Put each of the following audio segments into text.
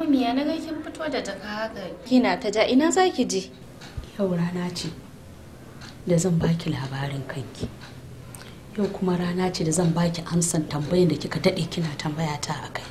Mami na naga kin fito da jaka haka kina ta ja ina zaki je? Yau rana ce da zan baki labarin kanki. Yau kuma rana ce da zan baki amsan tambayin da kika daɗe kina tambaya ta akai.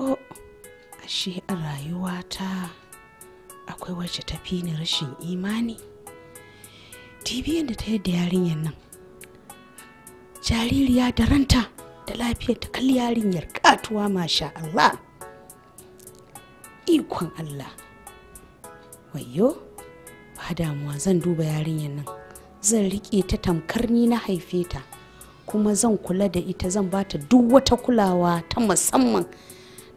oh ashe a rayuwata akwai wacce tafi fi ni rashin imani tibiyan da ta yadda yarinyar nan jaririya da ranta da lafiyar ta kalli yarinyar katuwa masha Allah ikon Allah wayo ba damuwa zan duba yarinyar nan zan riƙe ta tamkar ni na haife ta kuma zan kula da ita zan bata duk wata kulawa ta musamman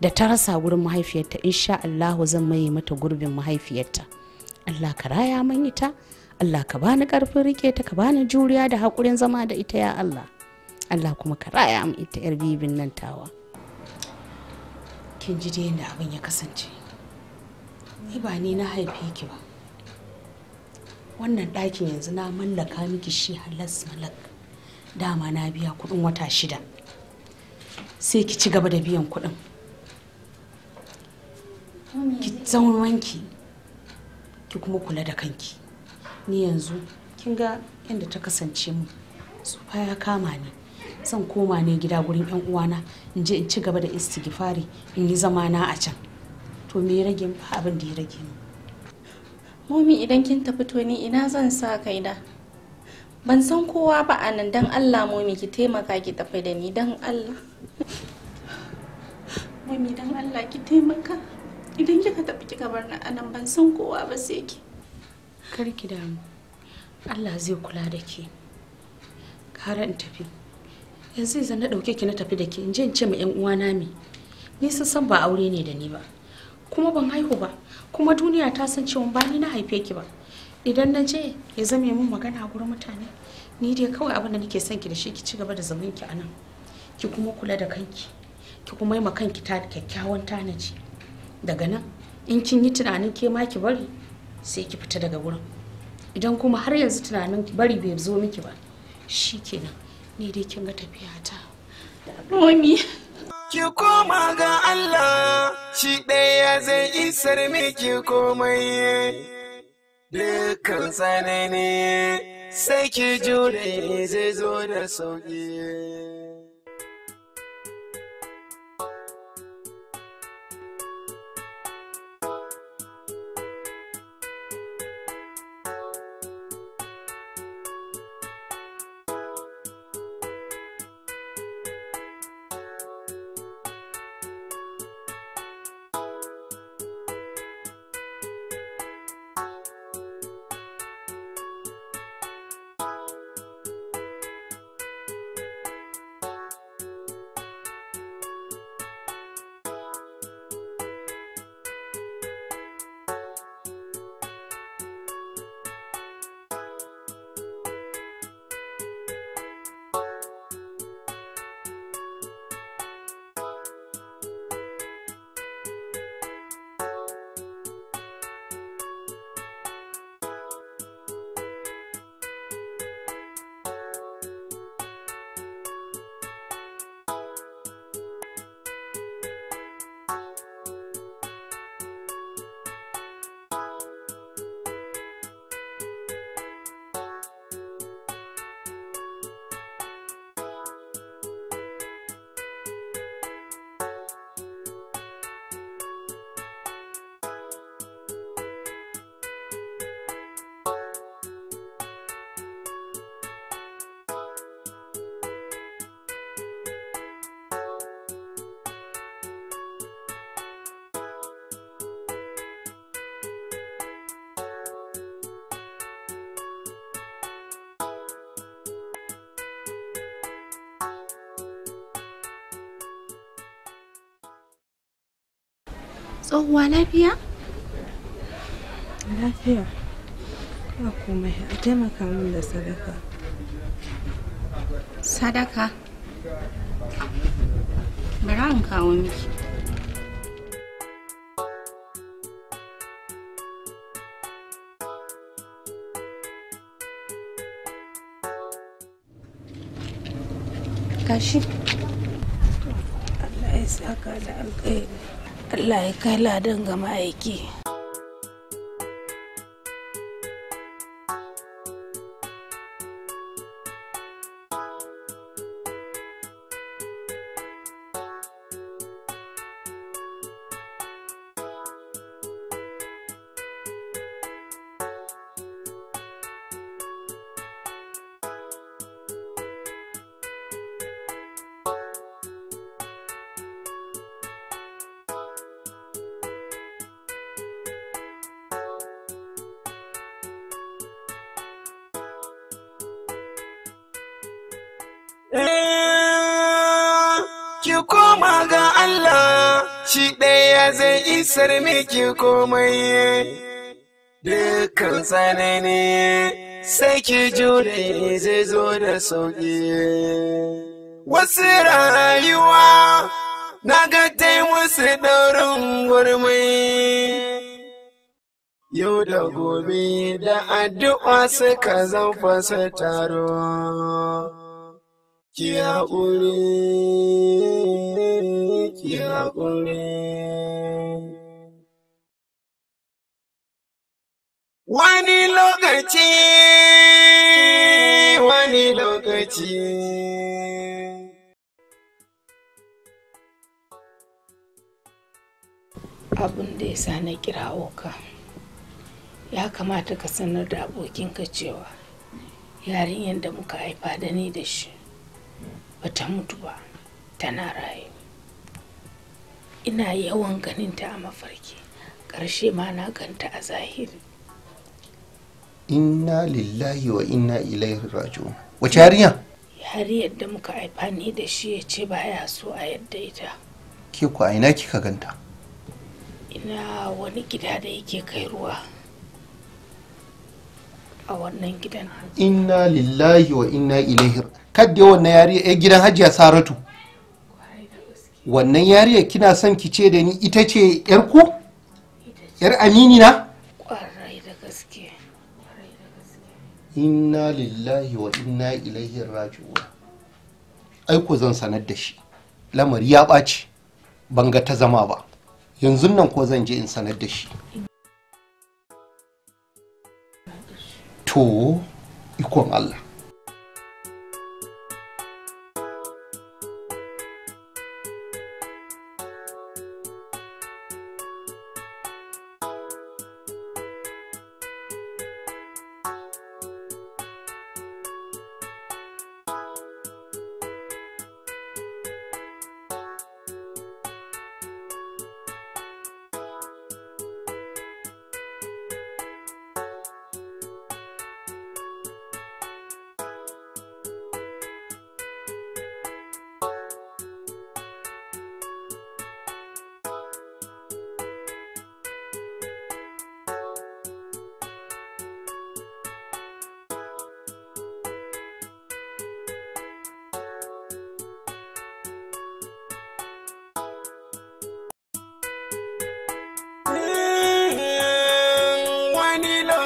da ta rasa wurin mahaifiyarta insha Allahu zan maye mata gurbin mahaifiyarta Allah ka raya man ita Allah ka bani karfin rike ta ka bani juriya da hakurin zama da ita ya Allah Allah kuma ka raya min ita yar bibin nan tawa kin ji dai yadda abin ya kasance ni ba ni na haife ki ba wannan ɗakin yanzu na mallaka miki shi halas malak dama na biya kuɗin wata shida sai ki ci gaba da biyan kuɗin ki tsawon wanki ki kuma kula da kanki ni yanzu kin ga yadda ta kasance mu su ya kama ni zan koma ne gida gurin yan uwana in je in ci gaba da istighfari in yi zamana a can to me ya rage ba abin da ya rage mu momi idan kin tafi to ni ina zan sa kai da ban san kowa ba a nan dan Allah momi ki taimaka ki tafi da ni dan Allah momi dan Allah ki taimaka idan kika tafi kika bar na anan ban san kowa ba sai ki kar ki damu Allah zai kula da ki kara in tafi yanzu zan na dauke ki na tafi da ki in je in ce ma yan uwana me ni sun san ba aure ne da ni ba kuma ban haihu ba kuma duniya ta san cewa ba ni na haife ki ba idan na je ya zame min magana a gurin mutane ni dai kawai abin da nake son ki da shi ki ci gaba da zaman ki anan ki kuma kula da kanki ki kuma yi ma kanki ta kyakkyawan tanaji daga nan in kin yi tunanin ke ma ki bari sai ki fita daga wurin idan kuma har yanzu tunanin bari bai zo miki ba shi kenan ni dai kin ga tafiya ta mami ki koma ga Allah shi ɗaya zai isar miki komai dukkan tsanani sai ki jure zai zo da sauki tsohuwa lafiya? lafiya ba komai a taimaka min da sadaka sadaka bari an kawo miki Kashi. Allah ya saka da alƙairi Allah ya kai ladan ga ma'aiki. Ki koma ga Allah, shi ɗaya zai isar miki komai. Dukkan tsanani sai ki jure zai zo da sauƙi. Wasu rayuwa na ga wasu ɗaurin gurmai. Yau da gobe da addu'a suka zan fasa taro. ki haƙuri, ki haƙuri. Wani lokaci, wani lokaci. Abin da ya sa na kirawo ka, ya kamata ka sanar da abokinka cewa yarinyar da muka haifa da ni da shi. bata mutu ba tana raye ina yawan ganinta a mafarki ƙarshe ma na ganta a zahiri inna lillahi wa inna ilaihi raji'un wace yarinya yariyar da muka haifa ni da shi ya ce baya so a yadda ita ke ku a ina kika ganta ina wani gida da yake kai ruwa a wannan gidan inna lillahi wa inna ilaihi kadda wannan yariya ya eh, gidan hajiya saratu wannan yariya kina son ki ce da ni ita ce yar ku yar amini na inna lillahi wa inna ilaihi raji'un ai ko zan sanar da shi lamari ya ɓaci ban ga ta zama ba yanzu nan ko zan je in sanar da shi to i kuang Allah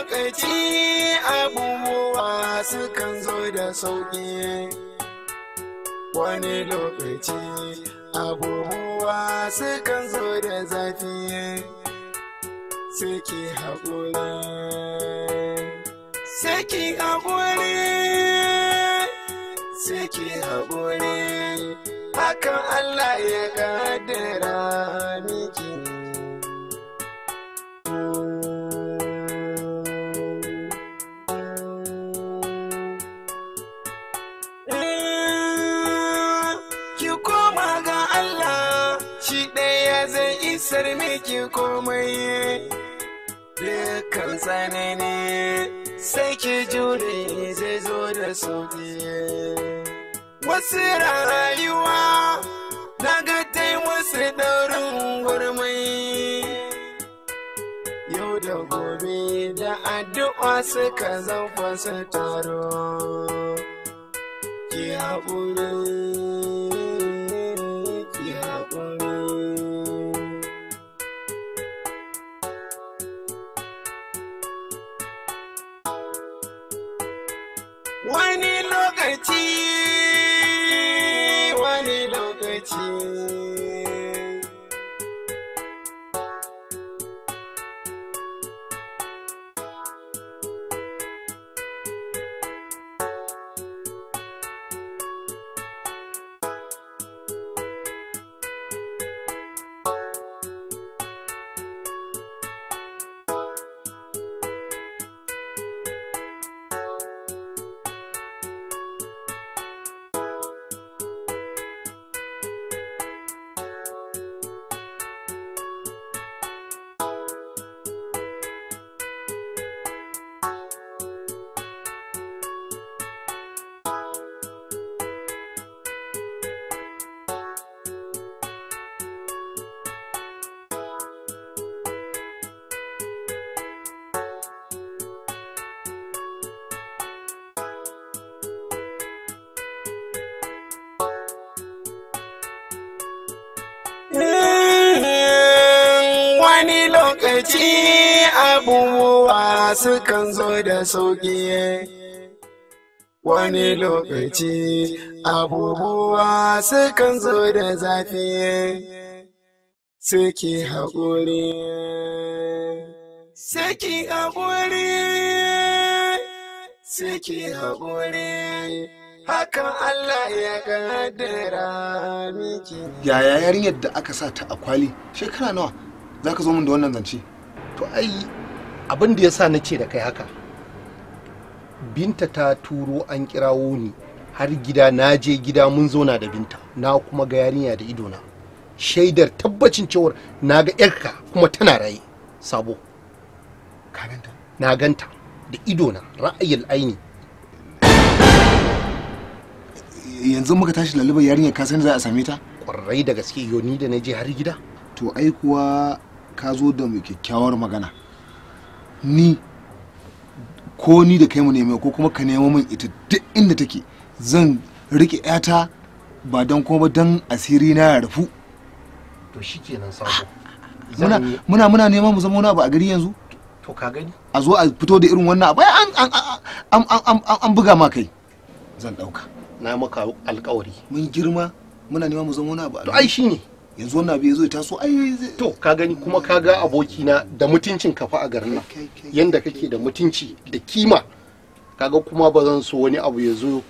lokaci abubuwa sukan zo da sauƙi wani lokaci abubuwa sukan zo da zafi suke haƙuri suke haƙuri suke haƙuri hakan Allah ya ƙaddara miki ki komai dukkan tsanani sai ki jure zai zo da sauki wasu rayuwa na ga dai wasu ɗaurin gurmai yau da gobe da addu'a suka zan su taro ki haƙuri wani lokaci abubuwa sukan zo da sauƙi wani lokaci abubuwa sukan zo da zafi suke haƙuri suke haƙuri suke haƙuri hakan Allah ya gadara miki yaya yarinyar da aka sa ta a kwali shekara nawa za ka zo min da wannan zance to ai abin da ya sa na ce da kai haka binta ta turo an kirawo ni har gida na je gida mun zauna da binta na kuma ga yarinya da idona shaidar tabbacin cewar na ga yarka kuma tana raye sabo ka ganta na ganta da idona ra'ayil aini yanzu muka tashi lalubar yarinya ka san za a same ta kwarai da gaske yoni da na je har gida to ai kuwa ka zo da mai kyakkyawar magana ni ko ni da kai mu neme ko kuma ka nemo min ita duk inda take zan rike yata ba don kuma don asiri na ya rufu to shikenan sako ah, muna muna muna neman mu zama wani a gari yanzu to ka gani a zo a fito da irin wannan abu an an an buga ma kai zan dauka na maka alƙawari mun girma muna neman mu zama ba. to ai shine yanzu wannan abu yazo ya taso ai to ka gani kuma ka ga abokina da mutuncin ka fa a garin nan yanda kake da mutunci da kima kaga kuma ba zan so wani abu ya zo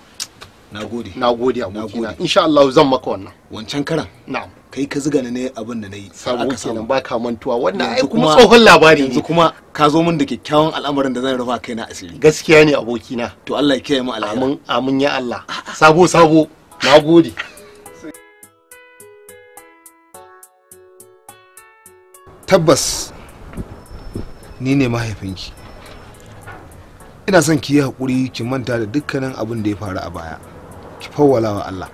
nagode nagode abokina insha Allah zan maka wannan wancan karan na'am kai ka zuga ne abin da nayi sai aka samu ba ka mantuwa wannan ai kuma tsohon labari yanzu kuma ka zo min da kyakkyawan al'amarin da zan rufa na asiri gaskiya ne abokina to Allah ya kiyaye mu alamin amin ya Allah sabo sabo nagode tabbas ni ne mahaifinki ina son ki yi haƙuri ki manta da dukkanin abin da ya faru a baya ki fawwala wa Allah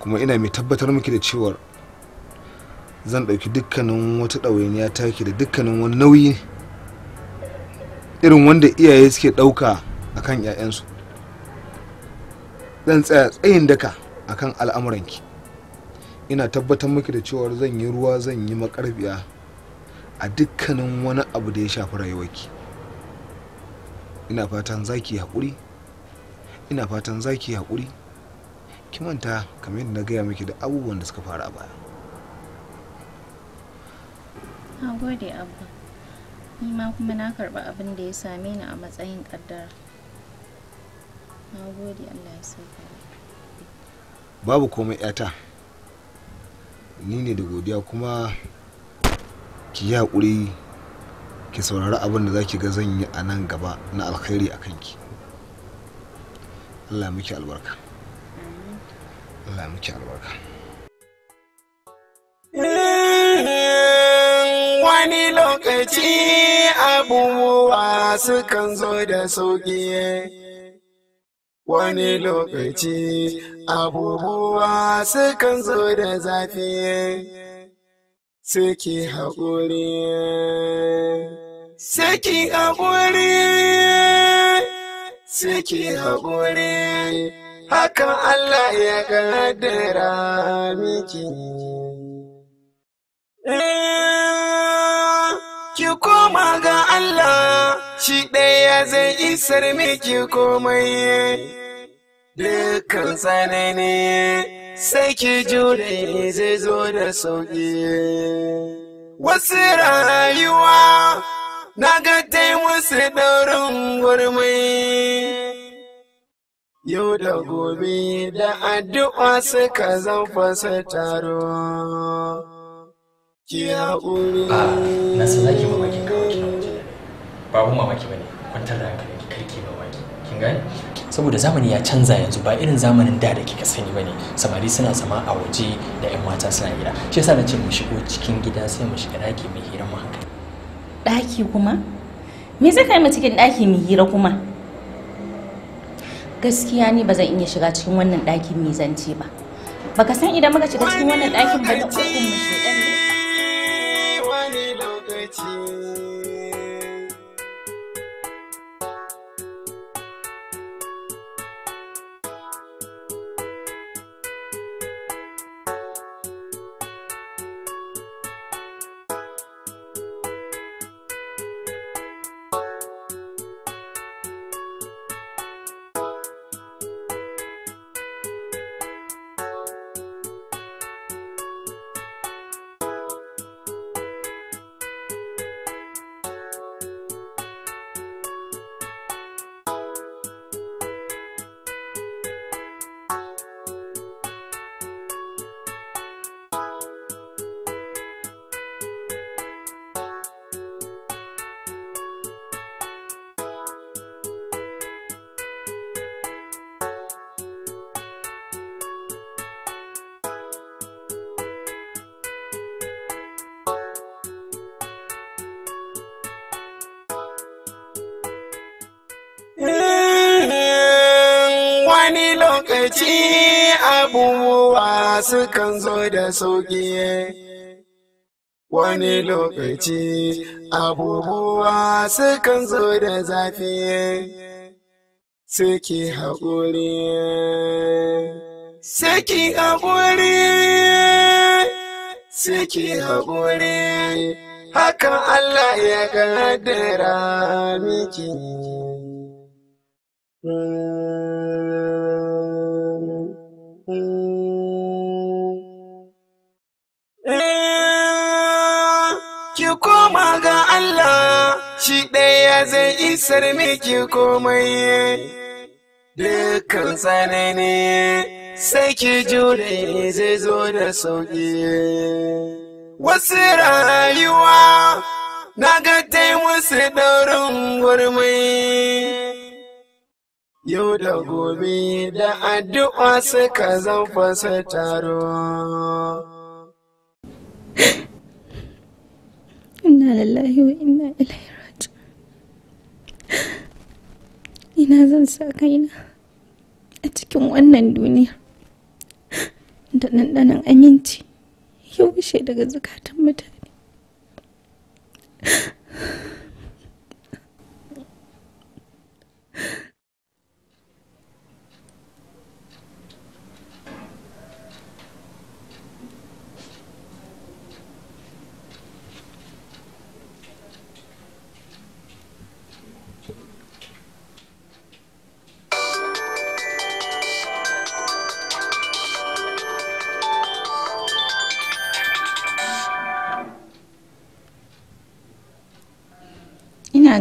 kuma ina mai tabbatar miki da cewar zan ɗauki dukkanin wata ɗawainiya ki da dukkanin wani nauyi irin wanda iyaye suke ɗauka akan 'ya'yansu zan tsaya tsayin daka akan al'amuranki ina tabbatar miki da cewar zan yi ruwa zan yi makarbiya a dukkanin wani abu da ya shafi rayuwarki ina fatan za ki haƙuri ina fatan za ki haƙuri ki manta kamar yadda na gaya miki da abubuwan da suka fara a baya na gode abba ni ma kuma na karɓi abin da ya same ni a matsayin ƙaddara na gode allah ya sauka babu komai 'yata ni ne da godiya kuma ki yi haƙuri ki saurari abin da za ga zan yi a nan gaba na alkhairi a kanki allah miki albarka allah miki albarka eh, wani lokaci abubuwa sukan zo da sauƙi Wani lokaci abubuwa sukan zo da zafi suke haƙuri. Suke haƙuri, suke haƙuri, hakan Allah ya ƙaddara miki. Eh, ki koma ga Allah. shi ɗaya zai isar miki komai dukkan tsanani sai ki jure zai zo da sauƙi wasu rayuwa na ga musu ɗaurin gurmai Yau da gobe da addu'a suka zan fasa taro. Ki haƙuri. Ah, na sanaki mamakin kawai. babu mamaki bane kwantar da hankali ki karki mamaki kin gani saboda zamani ya canza yanzu ba irin zamanin da da kika sani bane samari suna zama a waje da yan mata suna gida shi yasa na ce mu shigo cikin gida sai mu shiga daki mai hira mu haka daki kuma me zai kai mu cikin daki mai hira kuma gaskiya ni ba zan iya shiga cikin wannan daki mai zance ba baka san idan muka shiga cikin wannan dakin ba ta kokon mu shedan ne wani lokaci wani lokaci abubuwa sukan zo da sauƙi. Wani lokaci abubuwa sukan zo da zafi, suke haƙuri, suke haƙuri, suke haƙuri, hakan Allah ya gaddara miki. Mm. daya ɗaya zai isar miki komai dukkan tsanani sai ki jure zai zo da sauƙi wasu rayuwa na ga tai musu ɗaurin gurmai yau da gobe da addu'a suka zan fasa taro inna lillahi wa inna ilaihi ina zan sa kaina a cikin wannan duniya da ɗanɗanon aminci ya wuce daga zukatan mutane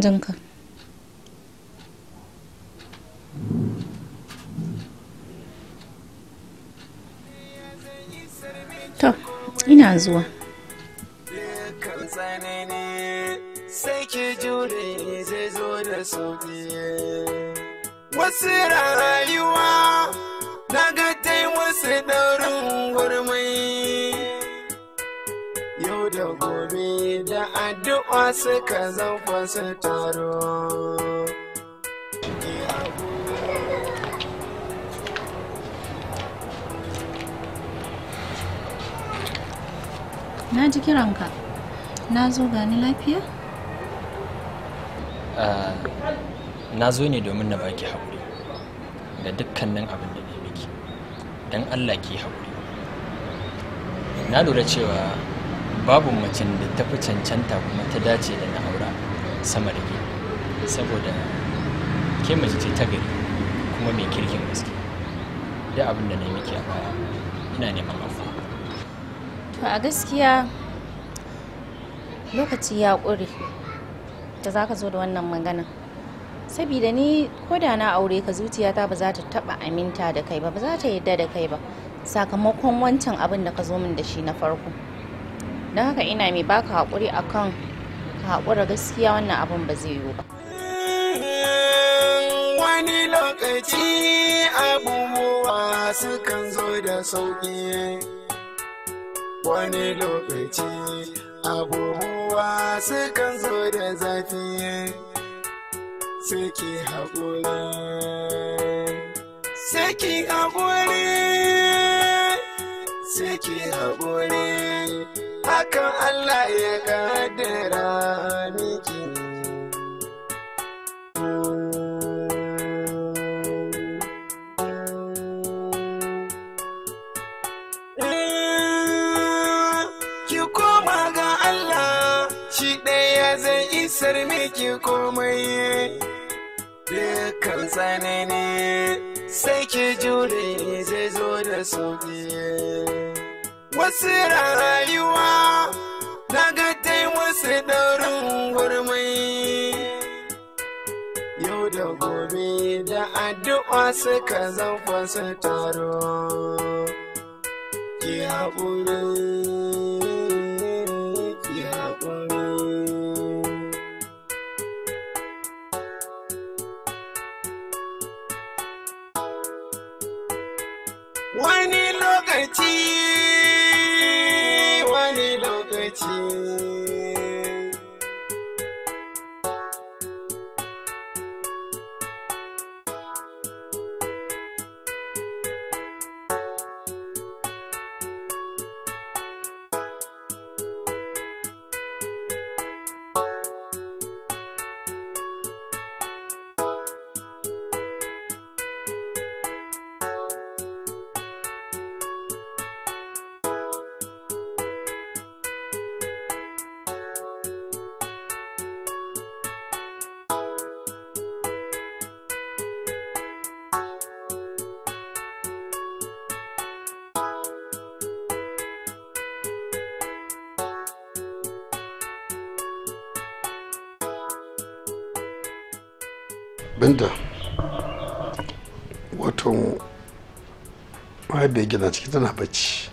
jin ka to ina zuwa jure da wasu rayuwa na ga wasu daurin gurmai azumi da addu'a suka zanfa su taro na ji kiranka na zo gani lafiya? Ah, na zo ne domin na baki haƙuri da dukkanin abin da ne miki don allah ki haƙuri na lura cewa babu macen da ta fi cancanta kuma ta dace da na aura sama da ke saboda ke mace ce ta gari kuma mai kirkin gaske da abin da na yi miki a baya ina neman afuwa to a gaskiya lokaci ya ƙure da za ka zo da wannan magana sabida ni ko da na aure ka zuciyata ba za ta taɓa aminta da kai ba ba za ta yadda da kai ba sakamakon wancan abin da ka zo min da shi na farko don haka ina mai baka haƙuri akan ka haƙura gaskiya wannan abin ba zai yiwu ba wani lokaci abubuwa sukan zo da sauƙi wani lokaci abubuwa sukan zo da zafi suke haƙuri suke haƙuri suke haƙuri hakan Allah ya kaddara miki mm, Ki koma ga Allah shi ɗaya zai isar miki komai dukkan tsanani sai ki jure zai zo da sauƙi. wasu rayuwa na ga tai wasu ɗaurin gurmai yau da gobe da addu'a suka zanfa su taro ki haƙuri wani lokaci binta wato mahaifiyar gina ciki tana bacci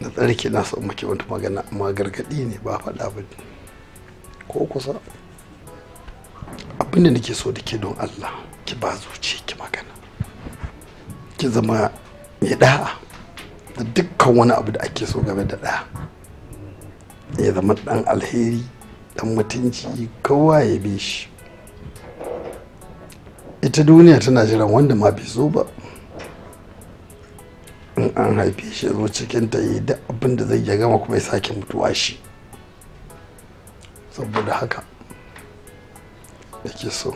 na tsarki na son maki wata magana amma gargaɗi ne ba faɗa ba ko kusa abinda da nake so da ke don allah ki ba zuci ki magana ki zama mai da'a da dukkan wani abu da ake so game da ɗaya ya zama ɗan alheri ɗan mutunci kowa ya bi shi ita duniya tana jiran wanda ma bai zo ba in an haife shi zo cikin ta yi da abin da zai ya gama kuma ya sake mutuwa shi saboda haka nake so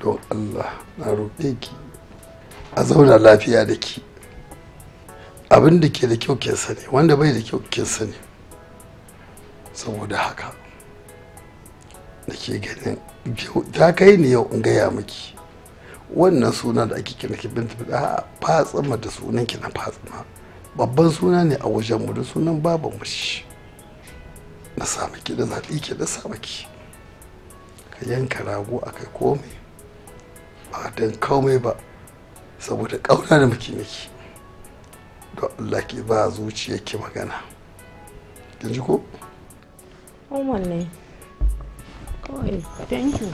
don allah na roƙe ki a zauna lafiya da ki abin da ke da kyau ke sani wanda bai da kyau ke sani saboda haka da ke ganin ta kai ni yau in gaya miki wannan suna da ake kina kibin a fatsama da sunan ki na babban suna ne a wajen mu da sunan baban mu shi na samu ki da zaɓi ki da samu ki ka yanka rago a kai komai ba don komai ba saboda ƙauna da muke miki don Allah ke ba zuciyarki magana kin ji ko? ne. thank you.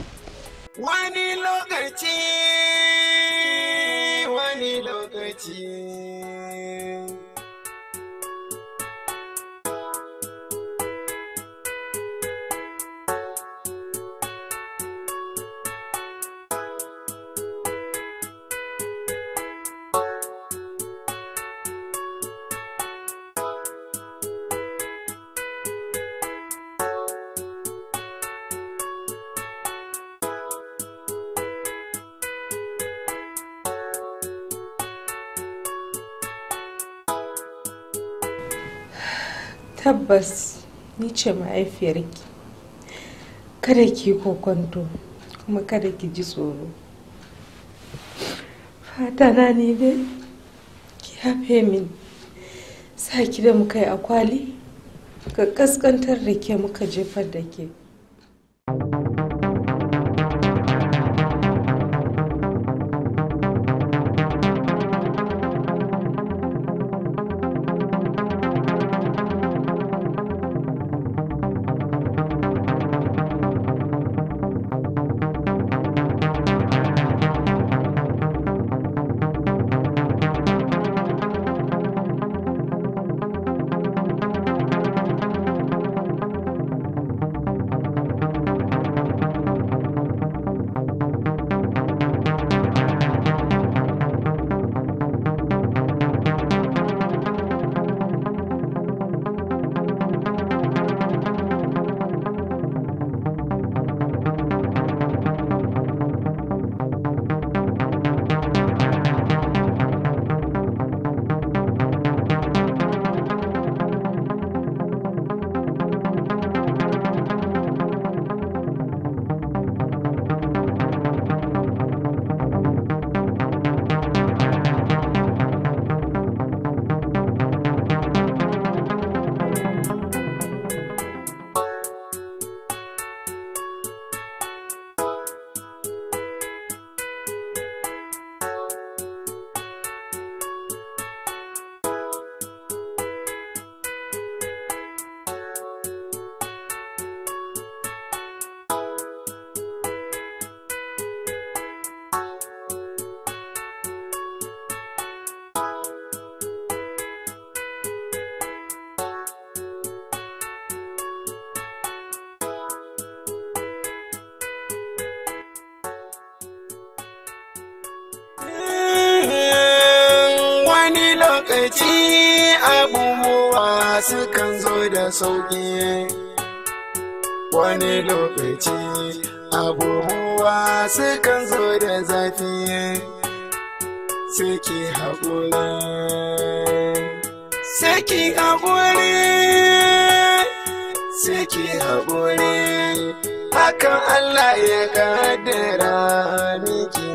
Wani lokaci, wani lokaci. tabbas ni ce mahaifiyarki kada ki kokonto kuma kada ki ji tsoro fata na ne dai ki hafe min sa ki da muka yi akwali ka kaskantar da ke muka jefar da ke sukan zo da sauƙi wani lokaci abubuwa sukan zo da zafi suke haƙuri suke haƙuri suke haƙuri hakan Allah ya kaddara miki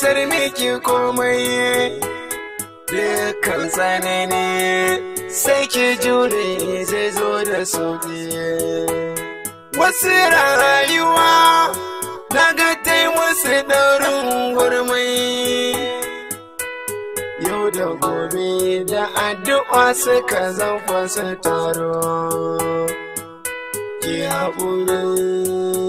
kasar miki komai dukkan tsanani sai ki jure zai zo da sauki wasu rayuwa na ga dai wasu ɗaurin gurmai yau da gobe da addu'a suka zanfa su taro ki